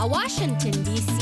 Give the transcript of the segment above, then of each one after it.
a Washington DC.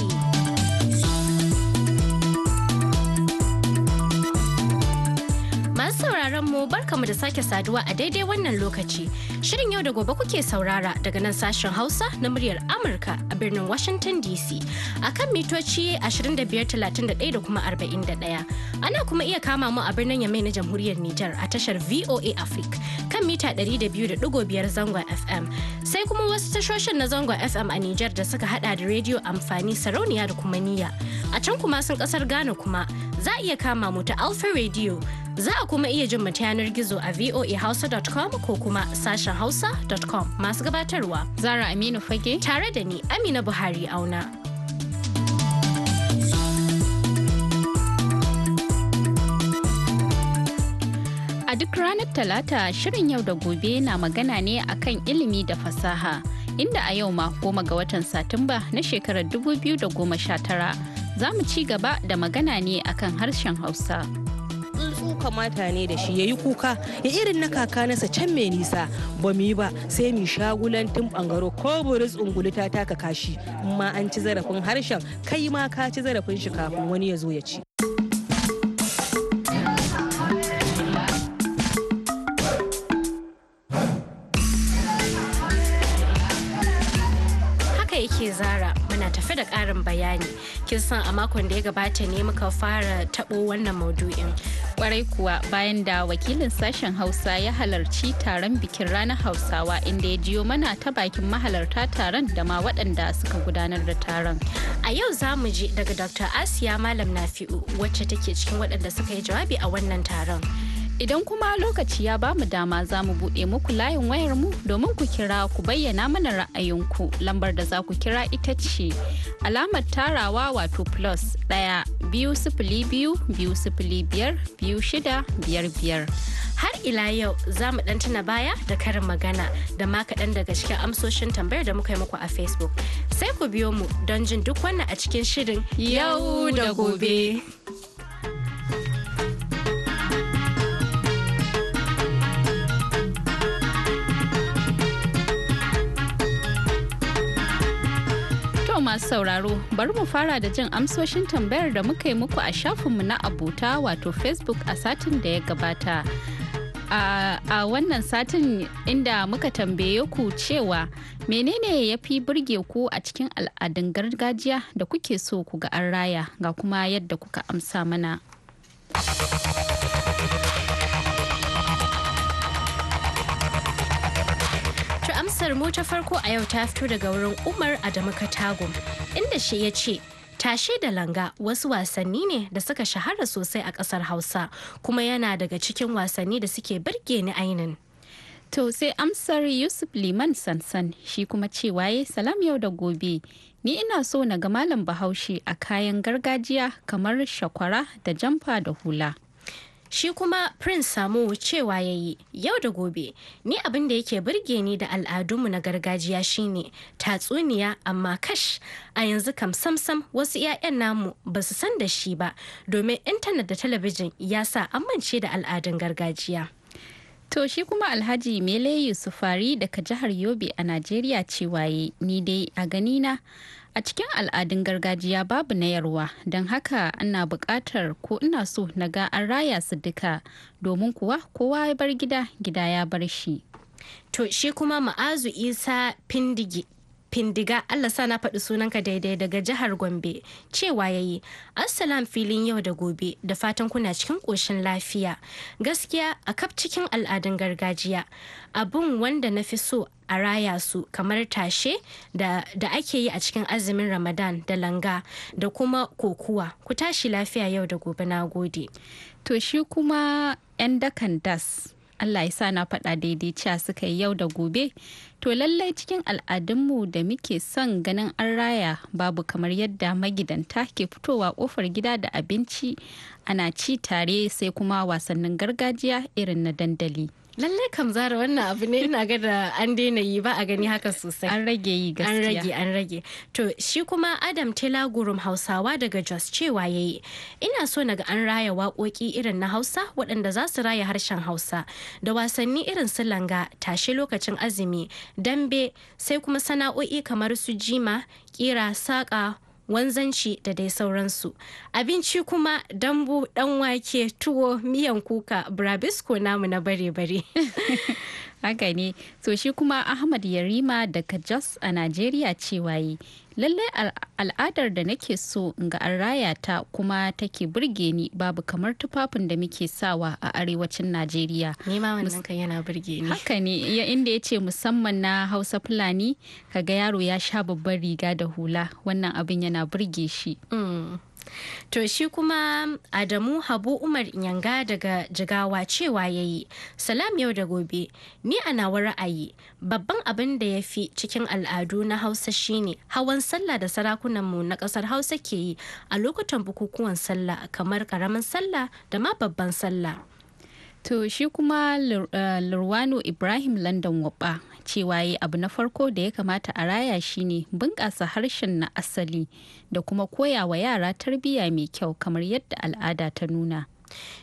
mu barkamu da sake saduwa a daidai wannan lokaci. Shirin yau da gobe kuke saurara daga nan sashen Hausa na muryar Amurka a birnin Washington DC. A kan mitoci 2531 da kuma 41. Ana kuma iya kama mu a birnin Yamai na Jamhuriyar Nijar a tashar VOA Africa kan mita 200.5 zangon FM. Sai kuma wasu tashoshin na zangon FM a Nijar da suka hada da rediyo amfani sarauniya da kuma niyya. A can kuma sun kasar Ghana kuma za a iya kama mu ta Alpha Radio. Za a kuma iya jin mata yanar gizo a voahausa.com ko kuma sashen hausa.com masu gabatarwa. Zara Aminu Fage. Tare da ni Amina Buhari auna. duk ranar Talata shirin yau da gobe na magana ne akan ilimi da fasaha. Inda a yau ma goma ga watan Satumba na shekarar 2019 za mu ci gaba da magana ne akan harshen Hausa. tsuntsu kamata ne da shi ya yi kuka ya irin na kaka nasa can mai nisa ba mu yi ba sai mu tun bangaro ko buris ungulu ta taka kashi amma an ci zarafin harshen kai ma ka ci zarafin shi kafin wani ya zo ya ci. zara muna tafe da ƙarin bayani kin san a makon da ya gabata ne muka fara taɓo wannan maudu'in kwarai kuwa bayan da wakilin sashen hausa ya halarci taron bikin ranar hausawa inda ya jiyo mana ta bakin mahalarta taron da ma waɗanda suka gudanar da taron a yau za mu je daga dr asiya malam nafi'u wacce take cikin waɗanda suka yi jawabi a wannan taron Idan kuma lokaci ya ba mu dama za mu buɗe muku layin wayar mu domin ku kira ku bayyana mana ra'ayinku lambar da za ku kira ita ce alamar tarawa wato plus ɗaya biyu sifili biyu biyu sifili biyar biyu shida biyar biyar. Har ila yau za mu ɗan tuna baya da karin magana da ma kaɗan daga cikin amsoshin tambayar da muka yi muku a Facebook. Sai ku biyo mu don jin duk wannan a cikin shirin yau da gobe. yau masu sauraro bari mu fara da jin amsoshin tambayar da muka yi muku a shafinmu na abota wato Facebook a satin da ya gabata. A, a wannan satin inda muka tambaye ku cewa menene ya fi burge ku a cikin al'adun gargajiya da kuke so ku ga an raya ga kuma yadda kuka amsa mana. kasar mu ta farko a yau ta fito daga wurin Umar Adamu katago inda shi ya ce tashe da langa wasu wasanni ne da suka shahara sosai a kasar Hausa kuma yana daga cikin wasanni da suke birge ni ainin. To sai amsar Yusuf Liman Sansan shi kuma ce waye salam yau da gobe. Ni ina so na ga malam bahaushe a kayan gargajiya kamar shakwara da jamfa da hula. shi kuma prince samu cewa ya yi yau da gobe ni abin da yake burge ni da al'adunmu na gargajiya shine tatsuniya amma kash a yanzu kam samsam wasu 'ya'yan namu ba su san da shi ba domin intanet da talabijin ya sa amince da al'adun gargajiya To shi kuma Alhaji Mele Yusufari daga jihar Yobe a Najeriya cewa ni dai a ganina a cikin al'adun gargajiya babu na yarwa don haka ana buƙatar ko ina so na ga an raya su duka domin kuwa kowa ya bar gida gida ya bar shi to shi kuma ma'azu isa findigi. Findiga Allah sa na faɗi sunanka daidai daga jihar Gombe cewa yayi yi Assalam filin yau da gobe da fatan kuna cikin ƙoshin lafiya gaskiya a kaf cikin al'adun gargajiya abun wanda na fi so a raya su kamar tashe da, da ake yi a cikin azumin Ramadan da langa da kuma kokuwa ku tashi lafiya yau da gobe na gode. To shi kuma 'yan dakan das Allah ya sa na faɗa daidai cewa suka yi yau da gobe to lallai cikin al'adunmu da muke son ganin an raya babu kamar yadda magidanta ke fitowa kofar gida da abinci ana ci tare sai kuma wasannin gargajiya irin na dandali. Lallai kam zara wannan abu ne ina ga da an daina yi ba a gani haka sosai. An rage yi gaskiya. An rage an rage. To shi kuma Adam Tela Gurum Hausawa daga Jos cewa yayi ina so na ga an raya waƙoƙi irin na Hausa waɗanda za su raya harshen Hausa da wasanni irin su langa tashe lokacin azumi dambe sai kuma sana'o'i kamar su jima kira saƙa wanzanci da dai sauransu abinci kuma dambu dan wake tuwo miyan kuka brabisko namu na bare-bare haka ne to shi kuma ahmad yarima daga jos a nigeria cewa yi lallai al'adar da nake so ga an raya ta kuma take burge ni babu kamar tufafin da muke sawa a arewacin najeriya nema wannan kan yana burge ni haka ne ya inda ya ce musamman na hausa fulani kaga yaro ya sha babban riga da hula wannan abin yana burge shi mm. To shi kuma Adamu Habu Umar Inyanga daga Jigawa cewa ya yi, Salam yau da gobe, ni a nawa ra'ayi, babban abin da ya fi cikin al'adu na Hausa shine hawan sallah da sarakunanmu na ƙasar Hausa ke yi a lokutan bukukuwan sallah kamar ƙaramin sallah da ma babban sallah. To shi kuma eh, Lurwano Ibrahim London Wabba cewa yi abu na farko da ya kamata a raya ne bunƙasa harshen na asali da kuma koya wa yara tarbiyya mai kyau kamar yadda al'ada ta nuna.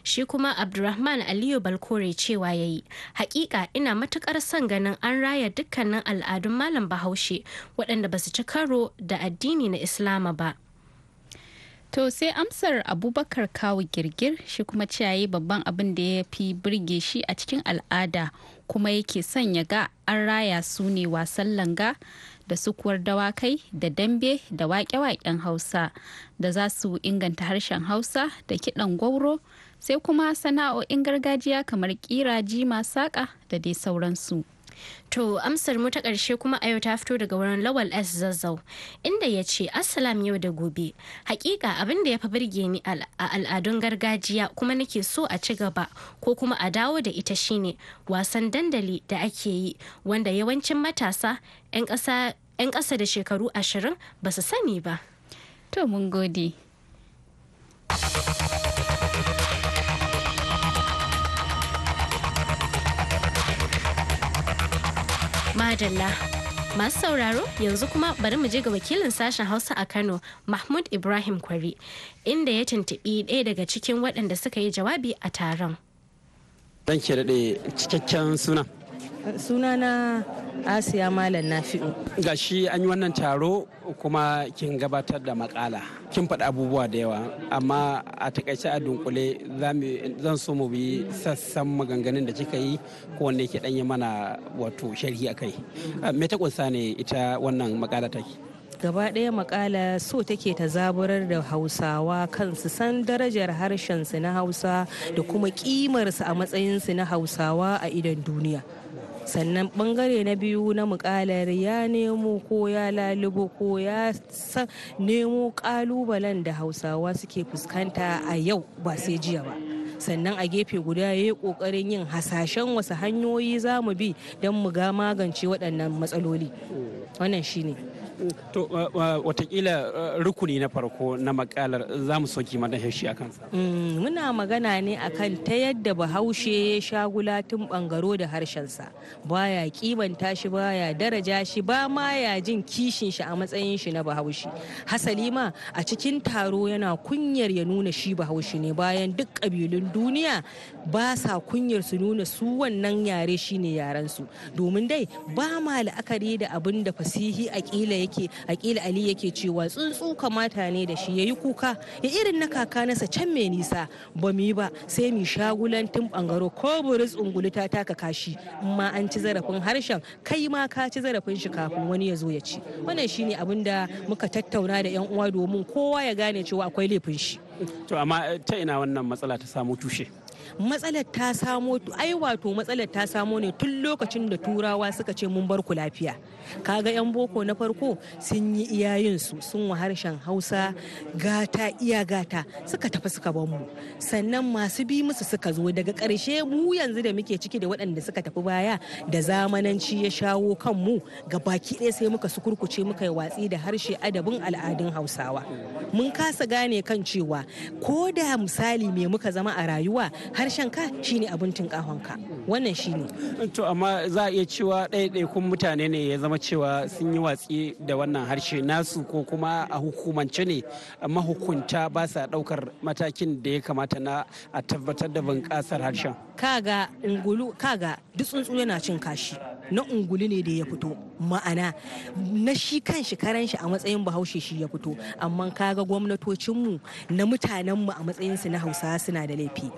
shi kuma abdulrahman aliyu balkore cewa ya yi hakika ina matukar son ganin an raya dukkanin al'adun malam bahaushe waɗanda ba su ci karo da addini na islama ba To sai amsar abubakar kawo girgir shi kuma ciyaye babban abin da ya fi birge shi a cikin al'ada kuma yake son ya ga an raya su ne wasan langa da sukuwar dawakai da dambe da waƙe-waƙen hausa da za su inganta harshen hausa da kiɗan gwauro sai kuma sana'o'in gargajiya kamar ƙira jima saƙa da dai sauransu. To amsar mu ta ƙarshe kuma a yau ta fito daga wurin Lawal S Zazzau inda ya ce Assalam yau da gobe. Hakika abin da ya fi birge ni a al'adun gargajiya kuma nake so a ci gaba ko kuma a dawo da ita shine wasan dandali da ake yi wanda yawancin matasa 'yan ƙasa da shekaru ashirin ba su sani ba. To mun gode. Madalla. Masu sauraro yanzu kuma bari mu je ga wakilin sashen Hausa a Kano Mahmud Ibrahim Kwari inda ya tuntubi ɗaya daga cikin waɗanda suka yi jawabi a taron. Dan ke daɗe cikakken sunan. sunana asiya malam nafi'u ga shi an yi wannan taro kuma kin gabatar da makala kin faɗi abubuwa da yawa amma a takaice a dunkule zan so mu bi sassan maganganun da kika yi ko wanda yake danyi mana wato sharhi akai ah, me ta kunsa ne ita wannan makala take gaba ɗaya makala so take ta zaburar da hausawa kansu san darajar harshensu na hausa da kuma kimarsu a matsayin su na hausawa a idan duniya sannan bangare na biyu na mukalar ya nemo ko ya lalubo ko ya nemo kalubalen da hausawa suke fuskanta a yau ba sai jiya ba sannan a gefe guda ya yi kokarin yin hasashen wasu hanyoyi za mu bi don mu ga magance waɗannan matsaloli wannan shine To watakila uh, rukuni na farko na makalar za mu soki mana shi a kansa. Mm, muna magana ne akan ta yadda bahaushe ya sha gulatun bangaro da harshensa baya kimanta shi baya daraja shi ba ma ya jin kishin shi a matsayin shi na bahaushe. Hasali ma a cikin taro yana kunyar ya nuna shi bahaushe ne bayan duk kabilun duniya ba sa kunyar su nuna su wannan yare shine yarensu domin dai ba ma la'akari da abin da fasihi a kila yake akila ali yake cewa tsuntsu kamata ne da shi yayi kuka ya irin na kaka nasa can mai nisa ba mu yi ba sai mu shagulantin bangaro ko buris ungulu ta taka kashi amma an ci zarafin harshen kai ma ka ci zarafin shi kafin wani ya zo ya ci wannan shine abin da muka tattauna da yan uwa domin kowa ya gane cewa akwai laifin shi to amma ta ina wannan matsala ta samu tushe matsalar ta samo ai wato matsalar ta samo ne tun lokacin da turawa suka ce mun bar ku lafiya kaga yan boko na farko sun yi iyayen su sun wa harshen hausa gata iya gata suka tafi suka bar mu sannan masu bi musu suka zo daga karshe mu yanzu da muke ciki da waɗanda suka tafi baya da zamananci ya shawo kan mu ga baki ɗaya sai muka sukurkuce muka yi watsi da harshe adabin al'adun hausawa mun kasa gane kan cewa ko da misali me muka zama a rayuwa har harshen ka shine abin tunkahon ka wannan shine to amma za a iya cewa ɗaiɗaikun mutane ne ya zama cewa sun yi watsi da wannan harshe nasu ko kuma a hukumance ne mahukunta ba sa ɗaukar matakin da ya kamata na a tabbatar da bunƙasar harshen kaga ungulu kaga duk tsuntsu yana cin kashi na ungulu ne da ya fito ma'ana na shi kan shi karan shi a matsayin bahaushe shi ya fito amma kaga gwamnatocinmu na mutanenmu a matsayinsu na hausawa suna da laifi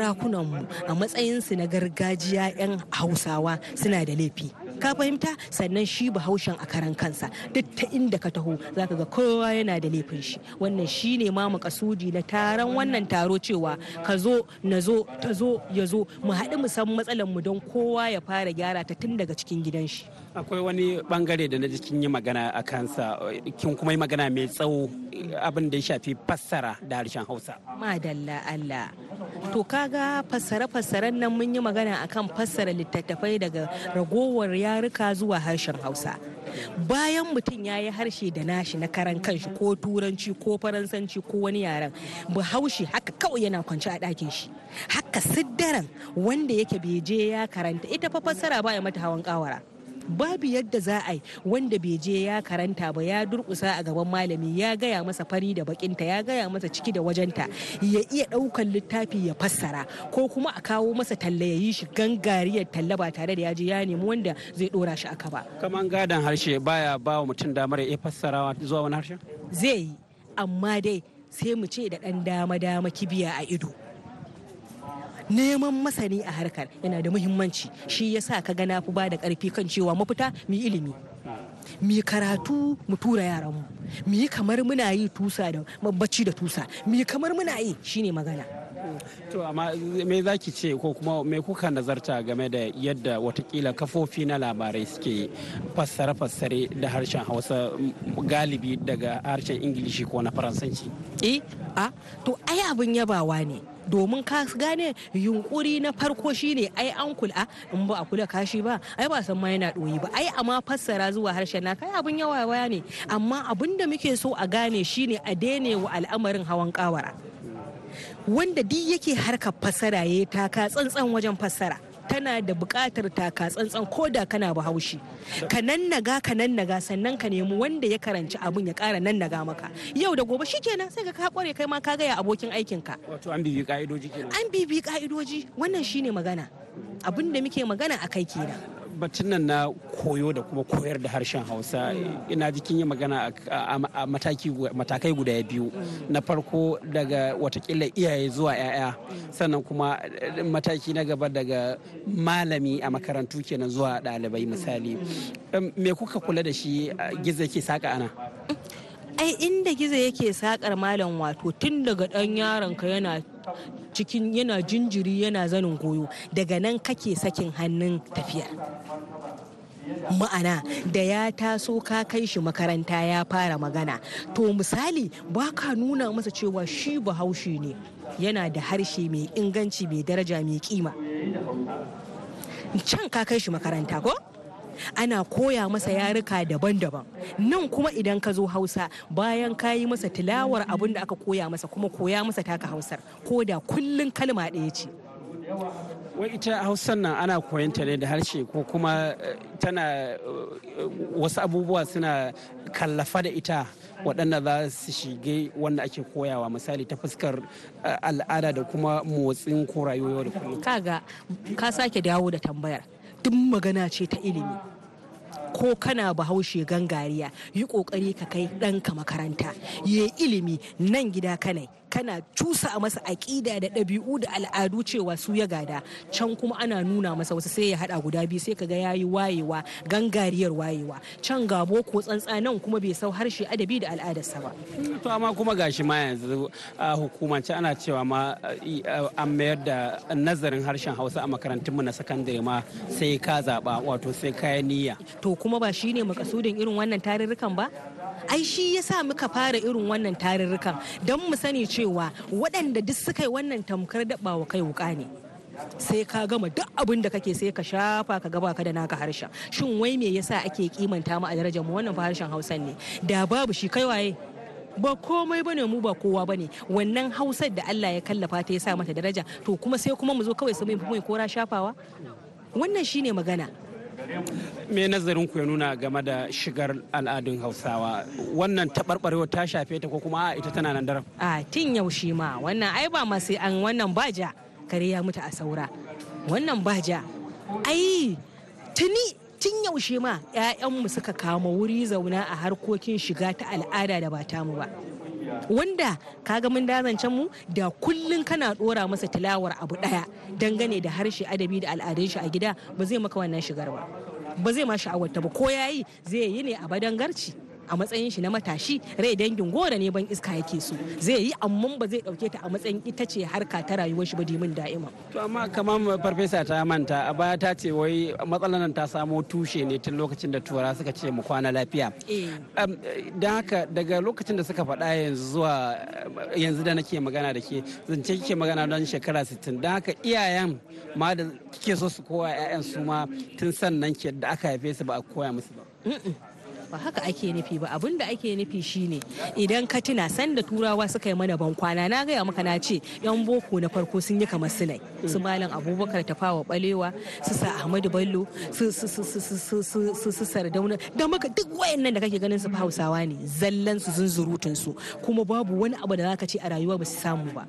sarakunanmu a matsayinsu na gargajiya 'yan hausawa suna da laifi ka fahimta sannan shi bahaushen a karan kansa duk ta inda ka taho zaka ga kowa yana da laifin shi wannan shi ne ma makasudi na taron wannan taro cewa ka zo na zo ta zo ya zo mu haɗu mu san matsalar mu don kowa ya fara gyara ta tun daga cikin gidan shi akwai wani bangare da na ji kin yi magana a kansa kin kuma yi magana mai tsawo abin da ya shafi fassara da harshen hausa madalla allah to kaga fassare-fassaren nan mun yi magana akan fassara littattafai daga ragowar ya yaruka zuwa harshen hausa bayan mutum ya yi harshe da nashi na karan kanshi ko turanci ko faransanci ko wani yaren bahaushe haka kawai yana kwanci a ɗakin shi haka siddaran wanda yake beje ya karanta ita fa fassara baya mata hawan kawara babu yadda za a yi wanda bai je ya karanta ba ya durkusa a gaban malami ya gaya masa fari da bakinta ya gaya masa ciki da wajenta ya iya daukan littafi ya fassara ko kuma a kawo masa talla ya yi shi gangariyar talla ba tare da ya je ya nemi wanda zai dora shi aka ba kaman gadan harshe baya ba wa mutum damar ya fassarawa zuwa wani harshe zai yi amma dai sai mu ce da dan dama dama kibiya a ido neman masani a harkar yana da muhimmanci shi ya sa ka gana fi ba da karfi kan cewa mafita mu yi ilimi mu yi karatu mu tura yaran mu yi kamar muna yi tusa da bacci da tusa mu yi kamar muna yi shine magana to amma me za ki ce ko kuma me kuka nazarta game da yadda watakila kafofi na labarai suke fassare-fassare da harshen hausa galibi daga harshen ingilishi ko na faransanci eh a to ai abin yabawa ne domin ka gane yunkuri na farko shine ai an kula in ba a kula kashi ba ai ba san ma yana doyi ba ai amma fassara zuwa harshen na kai abin yawa waya ne amma abin da muke so a gane shine a daine wa al'amarin hawan kawara wanda duk yake harkar fassara ya taka tsantsan wajen fassara tana da bukatar taka tsantsan ko da kana bahaushe ka nan nannaga ka nan nannaga sannan ka nemi wanda ya karanci abun ya ƙara nannaga maka yau da gobe shikenan sai ka kware kai ma ka gaya abokin aikinka wato an bibi ka'idoji kenan an bibi ka'idoji wannan shine magana abin da muke magana a kai kenan batun nan na koyo da kuma koyar da harshen hausa ina jikin yi magana a matakai guda biyu na farko daga watakila iyaye zuwa 'ya'ya sannan kuma eh, mataki na gaba daga malami a makarantu kenan zuwa ɗalibai misali me kuka kula da shi gizo ke saka ana mm. ai inda gizo yake sakar malam wato tun daga dan yaron ka yana cikin yana jinjiri yana zanin goyo daga nan kake sakin hannun tafiya ma'ana da ya taso ka kai shi makaranta ya fara magana to misali ba ka nuna masa cewa shi bahaushe ne yana da harshe mai inganci mai daraja mai kima can ka kai shi makaranta ko ana koya masa yaruka daban-daban nan kuma idan ka zo hausa bayan ka yi masa tilawar abin da aka koya masa kuma koya masa taka hausar ko da kullun kalma ɗaya ce wai ita Hausar nan ana koyanta ne da harshe ko kuma eh, tana eh, wasu abubuwa suna kallafa da ita waɗanda za su shige wanda ake koyawa misali ta fuskar eh, al'ada da kuma motsin ko rayuwa da kullum kaga ka sake dawo da tambayar duk magana ce ta ilimi ko kana bahaushe gangariya yi kokari ka kai ɗanka makaranta yi ilimi nan gida kanai kana cusa a masa aƙida da ɗabi'u da al'adu cewa su ya gada can kuma ana nuna masa wasu sai ya haɗa guda biyu sai kaga yayi wayewa gangariyar wayewa can ga boko tsantsa nan kuma bai sau harshe adabi da al'adarsa ba. to amma kuma gashi ma yanzu a hukumance ana cewa ma an mayar da nazarin harshen hausa a mu na sakandare ma sai ka zaɓa wato sai kayan niyya. to kuma ba shine makasudin irin wannan tarurrukan ba ai shi ya sa muka fara irin wannan tarurrukan don mu sani cewa waɗanda duk suka yi wannan tamkar daɓawa kai wuka ne sai ka gama duk abin da kake sai ka shafa ka gaba ka da naka harshen shin wai me yasa ake kimanta mu a darajar mu wannan fa harshen hausan ne da babu shi kai waye ba komai bane mu ba kowa bane wannan hausar da Allah ya kallafa ta ya sa mata daraja to kuma sai kuma mu zo kawai su mu kora shafawa wannan shine magana me nazarin ku ya nuna game da shigar al'adun hausawa wannan taɓarɓarewa ta shafe ta ko kuma a ita tana nan daram a tun yaushe ma wannan ai ba masu an wannan baja kare ya mutu a saura wannan baja ai tuni tun yaushe ma 'ya'yanmu suka kama wuri zauna a harkokin shiga ta al'ada da ba tamu ba wanda kaga mun dazancen mu da kullun kana dora masa tilawar abu daya dangane da harshe adabi da al'adun shi a gida ba zai maka wannan shigar ba ba zai ma sha'awar ta ba ko yayi zai yi ne a badangarci a matsayin shi na matashi rai dangin gora ne ban iska yake so zai yi amma ba zai dauke ta a matsayin ita ce harka ta rayuwar shi ba dimin da'ima to amma kamar farfesa ta manta a baya ta ce wai matsalar ta samo tushe ne tun lokacin da tura suka ce mu kwana lafiya eh. don haka daga lokacin da suka faɗa yanzu zuwa yanzu da nake magana da ke zance kike magana don shekara 60 don haka iyayen ma da kike so su koya 'ya'yan su ma tun sannan ke da aka haife su ba a koya musu ba ba haka ake nufi ba abin da ake nufi shine idan ka tuna sanda turawa suka yi mana bankwana na gaya maka na ce yan boko na farko sun yi kamar nai su malam abubakar tafawa balewa su sa ahmadu bello su su sardauna da maka duk wayannan da kake ganin su hausawa ne zallan su zunzurutun su kuma babu wani abu da zaka ce a rayuwa ba su samu ba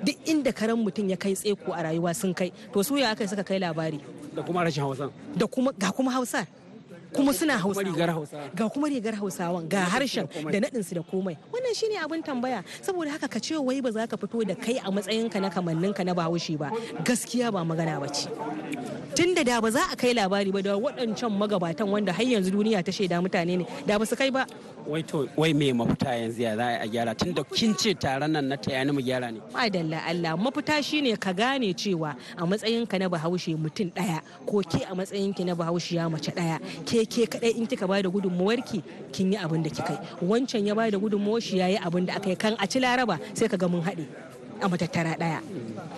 duk inda karan mutum ya kai tseko a rayuwa sun kai to su ya aka suka kai labari da kuma rashin hausa da kuma ga kuma hausa kuma suna hausawa ga kuma rigar hausawa ga harshen da naɗinsu da komai wannan shine abin tambaya saboda haka ka ce wai ba za ka fito da kai a matsayinka na ka na bahaushe ba gaskiya ba magana ba ce tun da ba za a kai labari ba da waɗancan magabatan wanda har yanzu duniya ta shaida mutane ne da ba su kai ba wai to wai me mafita yanzu ya za a gyara tun da kin ce taron nan na tayani mu gyara ne madalla Allah mafita shine ka gane cewa a matsayin ka na bahaushe mutum daya ko ke a ki na bahaushiya mace daya ke sai ke kadai in kika bada gudunmuwar ki kin yi abin da kika yi wancan ya bada gudunmuwar shi yayi abin da aka yi kan a ci laraba sai ka ga mun haɗe a matattara ɗaya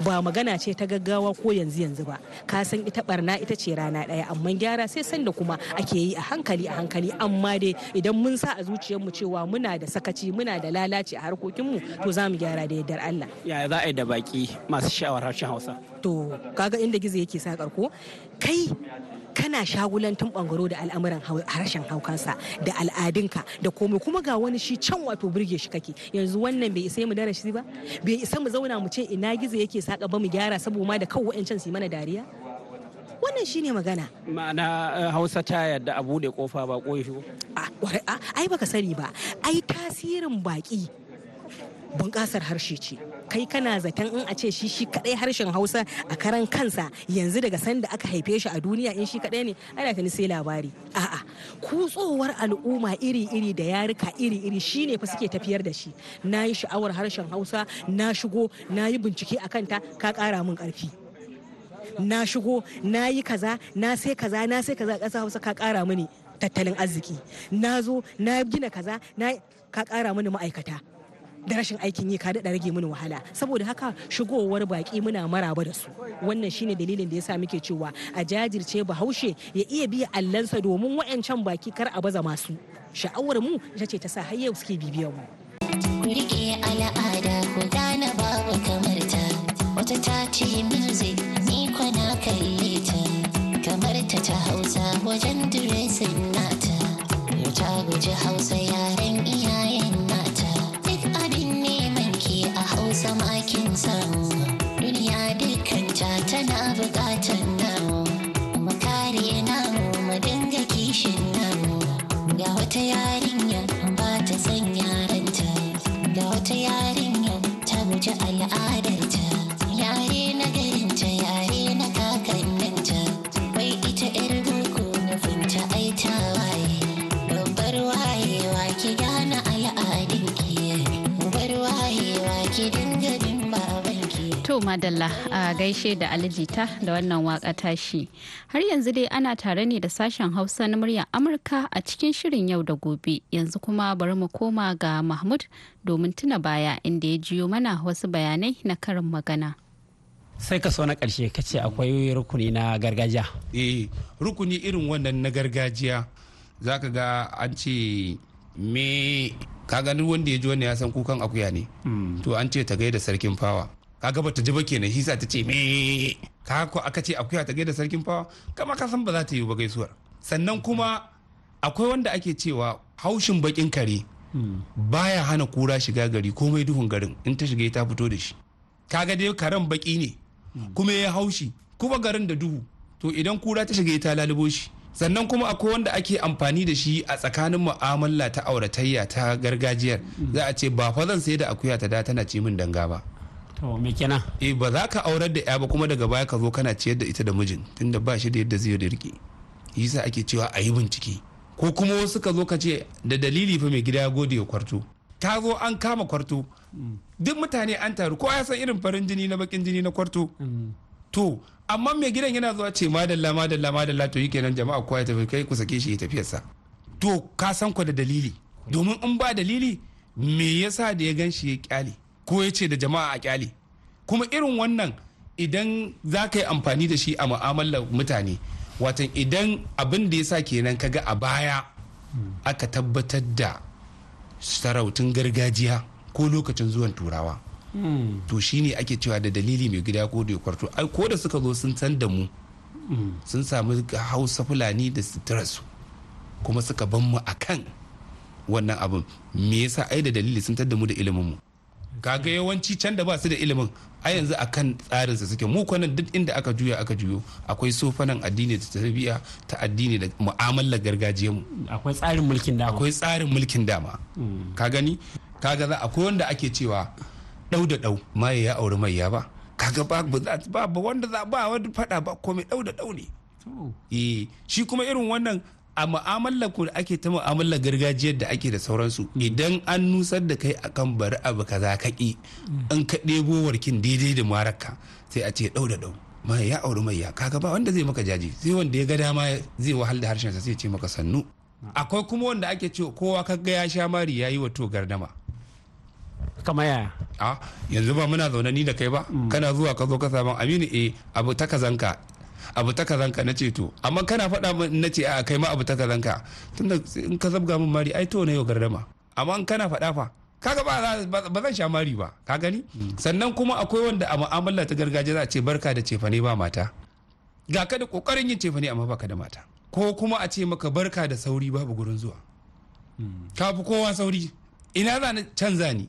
ba magana ce ta gaggawa ko yanzu yanzu ba ka san ita barna ita ce rana ɗaya amma gyara sai sanda kuma ake yi a hankali a hankali amma dai idan mun sa a zuciyarmu cewa muna da sakaci muna da lalaci a harkokinmu to za mu gyara da yardar Allah ya za a yi da baki masu sha'awar harshen Hausa to kaga inda gizo yake sakar ko kai kana shagulantun bangaro da al'amuran harshen haukansa da al'adunka da komai kuma ga wani shi can wato burge shi kake yanzu wannan bai isa mu darasi ba bai isa mu zauna mu ce ina gizo yake saka ba mu gyara saboda ma da kawai wa'ancan su mana dariya wannan shine magana ma'ana eh, hausa ta yadda a bude kofa ba koyi ai baka sani ba ai tasirin baki bunƙasar harshe ce kai kana zaton in a ce shi shi kadai harshen hausa a karan kansa yanzu daga sanda aka haife shi a duniya in shi kadai ne ana tuni sai labari a'a kutsowar al'umma iri-iri da yarika iri-iri shine fa suke tafiyar da shi na yi sha'awar harshen hausa na shigo na yi bincike a kanta ka kara min karfi na shigo na yi kaza na sai kaza na sai kaza ƙasa hausa ka kara mini tattalin arziki na zo na gina kaza na ka kara mini ma'aikata da rashin aikin yi ka daɗa rage mini wahala saboda haka shigowar baki muna maraba da su wannan shine dalilin da yasa muke cewa a jajirce bahaushe ya iya biya allansa domin wa'ancan baki kar a baza masu sha'awar mu ita ce ta sa har yau suke bibiyar mu rike al'ada ku babu ta wata ta ce music ni kwana kalle ta kamar ta hausa wajen diresin nata ta guji hausa madalla a gaishe da alijita da wannan waka tashi har yanzu dai ana tare ne da sashen hausa na muryar amurka a cikin shirin yau da gobe yanzu kuma bari mu koma ga mahmud domin tuna baya inda ya jiyo mana wasu bayanai na karin magana sai ka so na karshe ka ce akwai rukuni na gargajiya eh rukuni irin wannan na gargajiya za ka ga an ce me ka gani wanda ya ji wannan ya san kukan akuya ne hmm. to an ce ta gaida sarkin fawa kaga bata jiba kenan hisa ta ce me ka ko aka ce akuya ta gaida sarkin fawa kama ka san ba za ta yi ba gaisuwar sannan kuma akwai wanda ake cewa haushin bakin kare hmm. baya hana kura shiga gari komai duhun garin in ta shiga ta fito da shi kaga dai karen baki ne hmm. kuma ya haushi kuma garin da duhu to idan kura ta shiga ta lalubo shi sannan kuma akwai wanda ake amfani da shi a tsakanin mu'amala ta auratayya ta gargajiyar hmm. za a ce ba fa zan sai da akuya ta da tana ci min danga ba me eh ba za ka aurar da ya ba kuma daga baya ka zo kana ciyar da ita da mijin tunda ba shi da yadda zai rike yasa ake cewa a yi bincike ko kuma wasu ka zo ka ce da dalili fa mai gida ya gode ya kwarto ta zo an kama kwarto duk mutane an taru ko ya san irin farin jini na bakin jini na kwarto to amma mai gidan yana zuwa ce madalla madalla madalla to kenan jama'a kowa ya tafi kai ku sake shi ya tafiyarsa to ka san ku da dalili domin in ba dalili me yasa da ya gan shi ya kyale ko ya ce da jama'a a kyale kuma irin wannan idan za ka yi amfani da shi a mu'amalar mutane watan idan abin da ya sa kenan kaga a baya aka tabbatar da sarautun gargajiya ko lokacin zuwan turawa to shine ake cewa da dalili mai gida ko da ko da suka zo sun san da mu sun samu hausa fulani da sitarasu kuma suka ban mu a kan wannan abin me yasa ai da dalili sun tar da mu da ilimin mu kaga yawanci can da ba su da ilimin a yanzu a kan tsarinsa suke mu duk inda aka juya aka juyo akwai sofanan addini da tarbiyya ta addini da mu'amalar mu. akwai tsarin mulkin dama akwai tsarin mulkin dama hmm. ka gani kaga za akwai wanda ake cewa dau da dau maye ya auri mai ba kaga ba ba wanda za ba wanda fada ba komai dau da dau ne eh, shi kuma irin wannan a mu'amalar ku da ake ta mu'amalar gargajiyar da ake da sauransu idan an nusar da kai akan bari abu kaza ka ki in ka ɗebo warkin daidai da maraka sai a ce ɗau da ɗau ma ya auri mai ya kaga ba wanda zai maka jaji sai wanda ya ga dama zai wahal da harshen sa sai ce maka sannu akwai kuma wanda ake cewa kowa kaga ya sha mari yayi wa to gardama kama ya a yanzu ba muna zaune ni da kai ba mm. kana zuwa ka zo ka samu aminu e abu ta kazanka abu ta kazanka na ce to amma kana faɗa min na ce a kai ma abu ta kazanka tunda in ka zabga min mari ai to na yau gardama amma in kana faɗa fa kaga ba ba zan sha mari ba ka gani mm. sannan kuma akwai wanda a mu'amala ta gargajiya za a ce barka da cefane ba mata ga ka da kokarin yin cefane amma baka da mata ko kuma a ce maka barka da sauri babu gurin zuwa mm. ka fi kowa sauri ina za na canza ni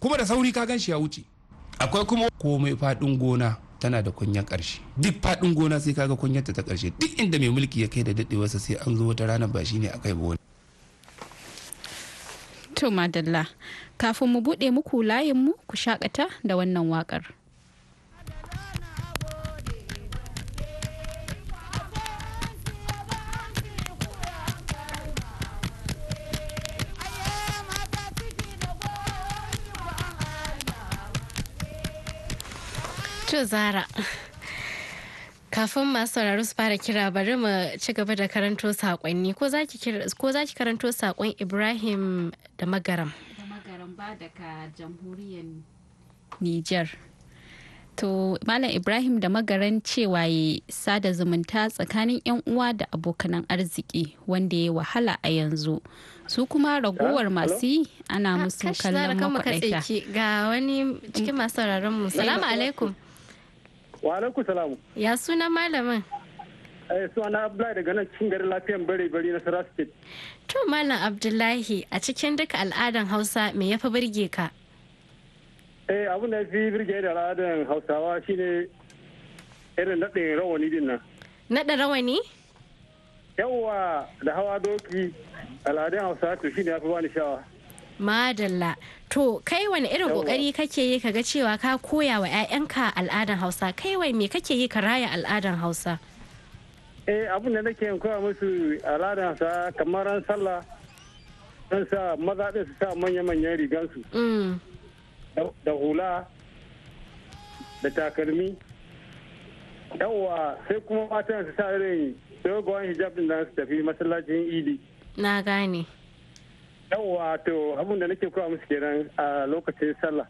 kuma da sauri ka gan shi ya wuce akwai kuma komai faɗin gona tana da kunyan karshe duk faɗin gona sai kaga kunyarta ta ƙarshe duk inda mai mulki ya kai da daɗewarsa sai an zo wata rana ba shine akai ba wani to madalla kafin mu bude muku layin mu ku shakata da wannan wakar. To Zara. Kafin masu sauraro su fara kira bari mu ci gaba da karanto sakonni ko za ki karanto saƙon Ibrahim da Magaram. Da Magaram ba daga jamhuriyar Nijar. To Malam Ibrahim da magaran cewa ya sada zumunta tsakanin 'yan uwa da abokanan arziki wanda ya wahala a yanzu. Su kuma ragowar masu yi ana ah, musu kallon makwadaita. Ga wani cikin masu sauraron mu. Salamu alaikum. Wa alaikum salamu. Ya suna malamin. Eh suna Abdullahi daga nan cikin garin lafiyan bare bare na Sarat State. To malam Abdullahi a cikin duka al'adan Hausa me ya fi birge ka? Eh abun da fi birge da al'adan Hausawa shine irin naɗin rawani din nan. Naɗa rawani? Yawwa da hawa doki al'adan Hausawa to shine ya fi bani sha'awa. Madalla. To kai wani irin kokari kake yi kaga cewa ka koya wa 'ya'yanka al'adan Hausa kai wai me kake yi ka raya al'adan Hausa? Eh abin da nake koya musu al'adan Hausa kamar ran sallah don sa maza su sa manya-manyan rigansu. Mm. Da hula da takalmi. Yawwa sai kuma matan su sa irin dogon hijab din da su tafi masallacin idi. Na gane. yawwa to abin da nake koya musu kenan a lokacin sallah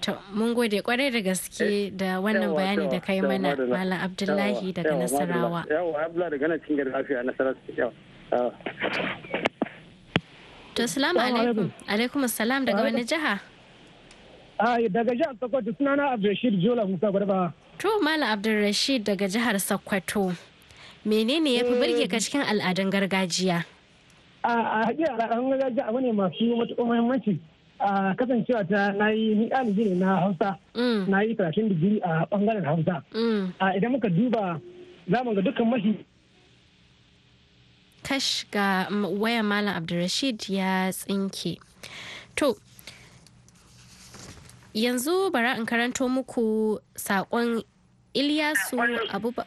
to mun gode kwarai da gaske eh, da wannan bayani da kai mana malam abdullahi daga nasarawa yawwa abdullahi daga nan cingar lafiya nasarawa ah. to salamu alaikum alaikum assalam daga wani jiha ah, daga jihar sokoto sunana abdulrashid jola musa gwarba to malam abdulrashid daga jihar sokoto menene ya fi eh. birge ka cikin al'adun gargajiya a hakika al'adun gargajiya abu ne masu matuƙar muhimmanci a kasancewa ta na yi ni ne na hausa mm. na yi karatun digiri a ɓangaren hausa mm. a idan muka duba za mu ga dukkan mashi kash ga waya malam abdulrashid ya tsinke to yanzu bara in karanto muku saƙon ilyasu abubakar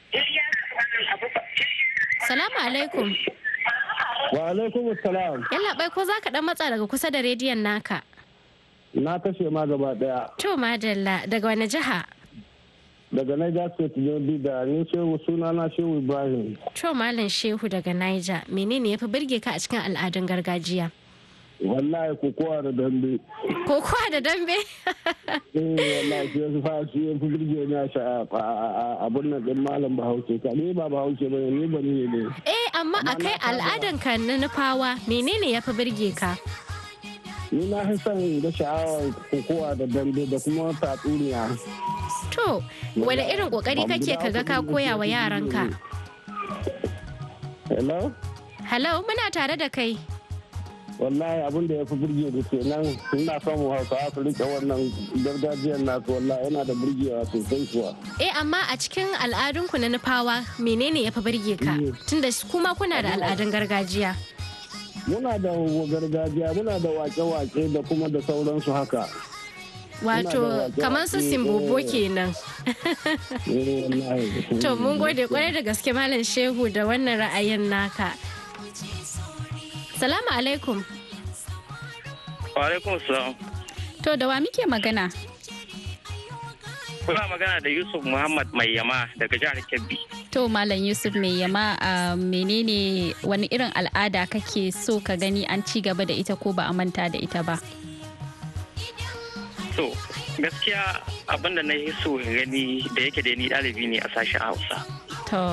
salamu alaikum Wa alaikum assalam. Yalla bai ko zaka dan matsa daga kusa da rediyon naka. Na kashe ma gaba daya. To madalla daga wani jiha? Daga Niger State Jobi da ni shehu suna na shehu Ibrahim. To malam shehu daga Niger menene ya fi birge ka a cikin al'adun gargajiya? wallahi kokowa da dambe kokowa da dambe eh wallahi shi yasu fa shi yasu girge ne a abun nan din malam bahaushe ka ne ba bahaushe ba ne ba ne ne eh amma akai al'adan ka na nufawa menene ya fi birge ka ni na fi son da sha'awar kokowa da dambe da kuma tatsuniya to wani irin kokari kake kaga ka koya wa yaranka hello hello muna tare da kai wallahi abin da ya fi burge da ke nan ina samun hausa su rike wannan gargajiyar nasu wallahi yana da burgewa sosai kuwa. eh amma a cikin al'adunku na nufawa menene ya fi burge ka eh. tunda kuma kuna da al'adun gargajiya. muna da gargajiya muna da wake-wake da kuma da sauransu haka. wato kamar su simbobo eh. kenan eh, to mun gode kwarai da gaske malam shehu da wannan ra'ayin naka. Salamu alaikum. Wa alaikum salam. To da wa muke magana? Kuna magana da Yusuf Muhammad Mai Yama daga jihar Kebbi. To Malam Yusuf Mai Yama a menene wani irin al'ada kake so ka gani an ci gaba da ita ko ba a manta da ita ba? To gaskiya abinda na yi so gani da yake da ni ɗalibi ne a sashen Hausa. To.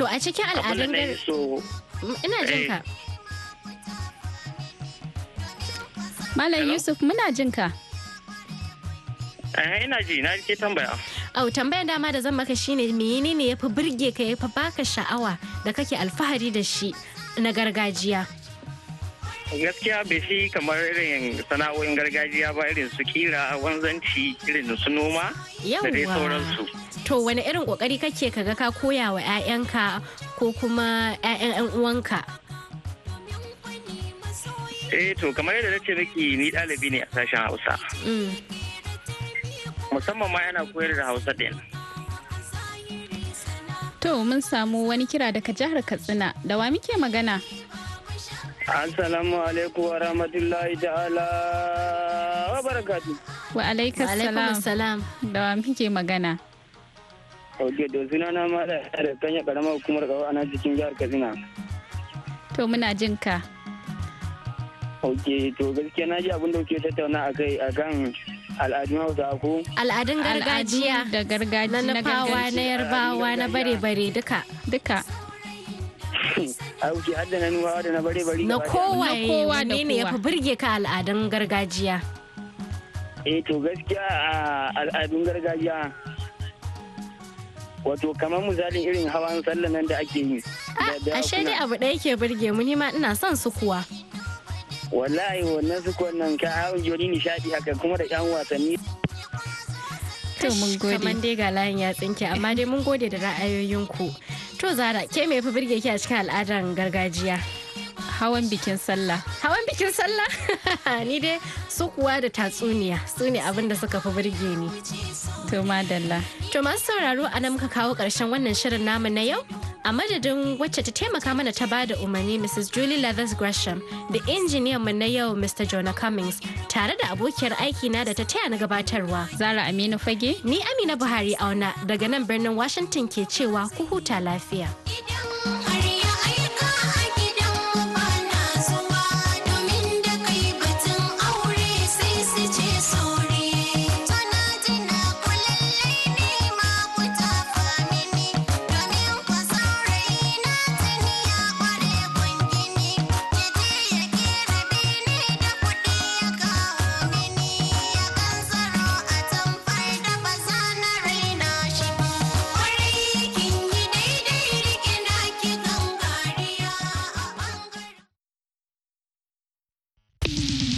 To a cikin al'adun Mm, ina jin ka eh. malam yusuf muna jin ka eh, ina ji na ke tambaya au tambayar dama da zan maka shine menene ne yafi burge ka yafi baka sha'awa da kake alfahari da shi na gargajiya gaskiya bai fi kamar irin sana'o'in gargajiya ba irin su kira wanzanci irin su noma da dai sauransu to wani irin kokari kake kaga ka koya wa 'ya'yanka ko kuma 'ya'yan 'yan uwanka eh to kamar yadda nace miki ni ɗalibi ne a sashen hausa mm. musamman ma yana koyar da hausa din to mun samu wani kira daga jihar katsina da wa muke magana Assalamu alaikum wa rahmatullahi ta'ala wa barakatu. Wa alaikum salam. Da wa muke magana? ok da suna na ma da kanya karamar hukumar kawo ana cikin jihar katsina to muna jin ka ok to gaskiya na ji abin da kuke tattauna a kai akan al'adun hausa ko al'adun gargajiya da gargajiya na nufawa na yarbawa na bare-bare duka duka auki hadda na nuhawa da na bare-bare na kowa eh, ne ne ya fi burge ka al'adun gargajiya eh to gaskiya al'adun gargajiya wato kamar misalin irin hawan sallah nan da ake yi ah, ashe dai abu ɗaya ke burge mu ma ina son su kuwa wallahi wannan su nan ka hawan joni nishadi haka kuma da yan wasanni to mun gode kamar dai ga layin ya tsinke amma dai mun gode da ra'ayoyinku to zara ke me fi burge ki a cikin al'adar gargajiya hawan bikin sallah hawan bikin sallah ni dai su kuwa da tatsuniya su ne abin da suka fi burge ni to madalla to masu sauraro a nan muka kawo ƙarshen wannan shirin namu na yau a madadin wacce ta taimaka mana ta bada umarni Mrs. Julie Leathers Gresham da injiniyan mu na yau Mr. Jonah Cummings tare da abokiyar aiki na da ta taya na gabatarwa. Zara Aminu Fage? Ni Amina Buhari auna daga nan birnin Washington ke cewa ku huta lafiya.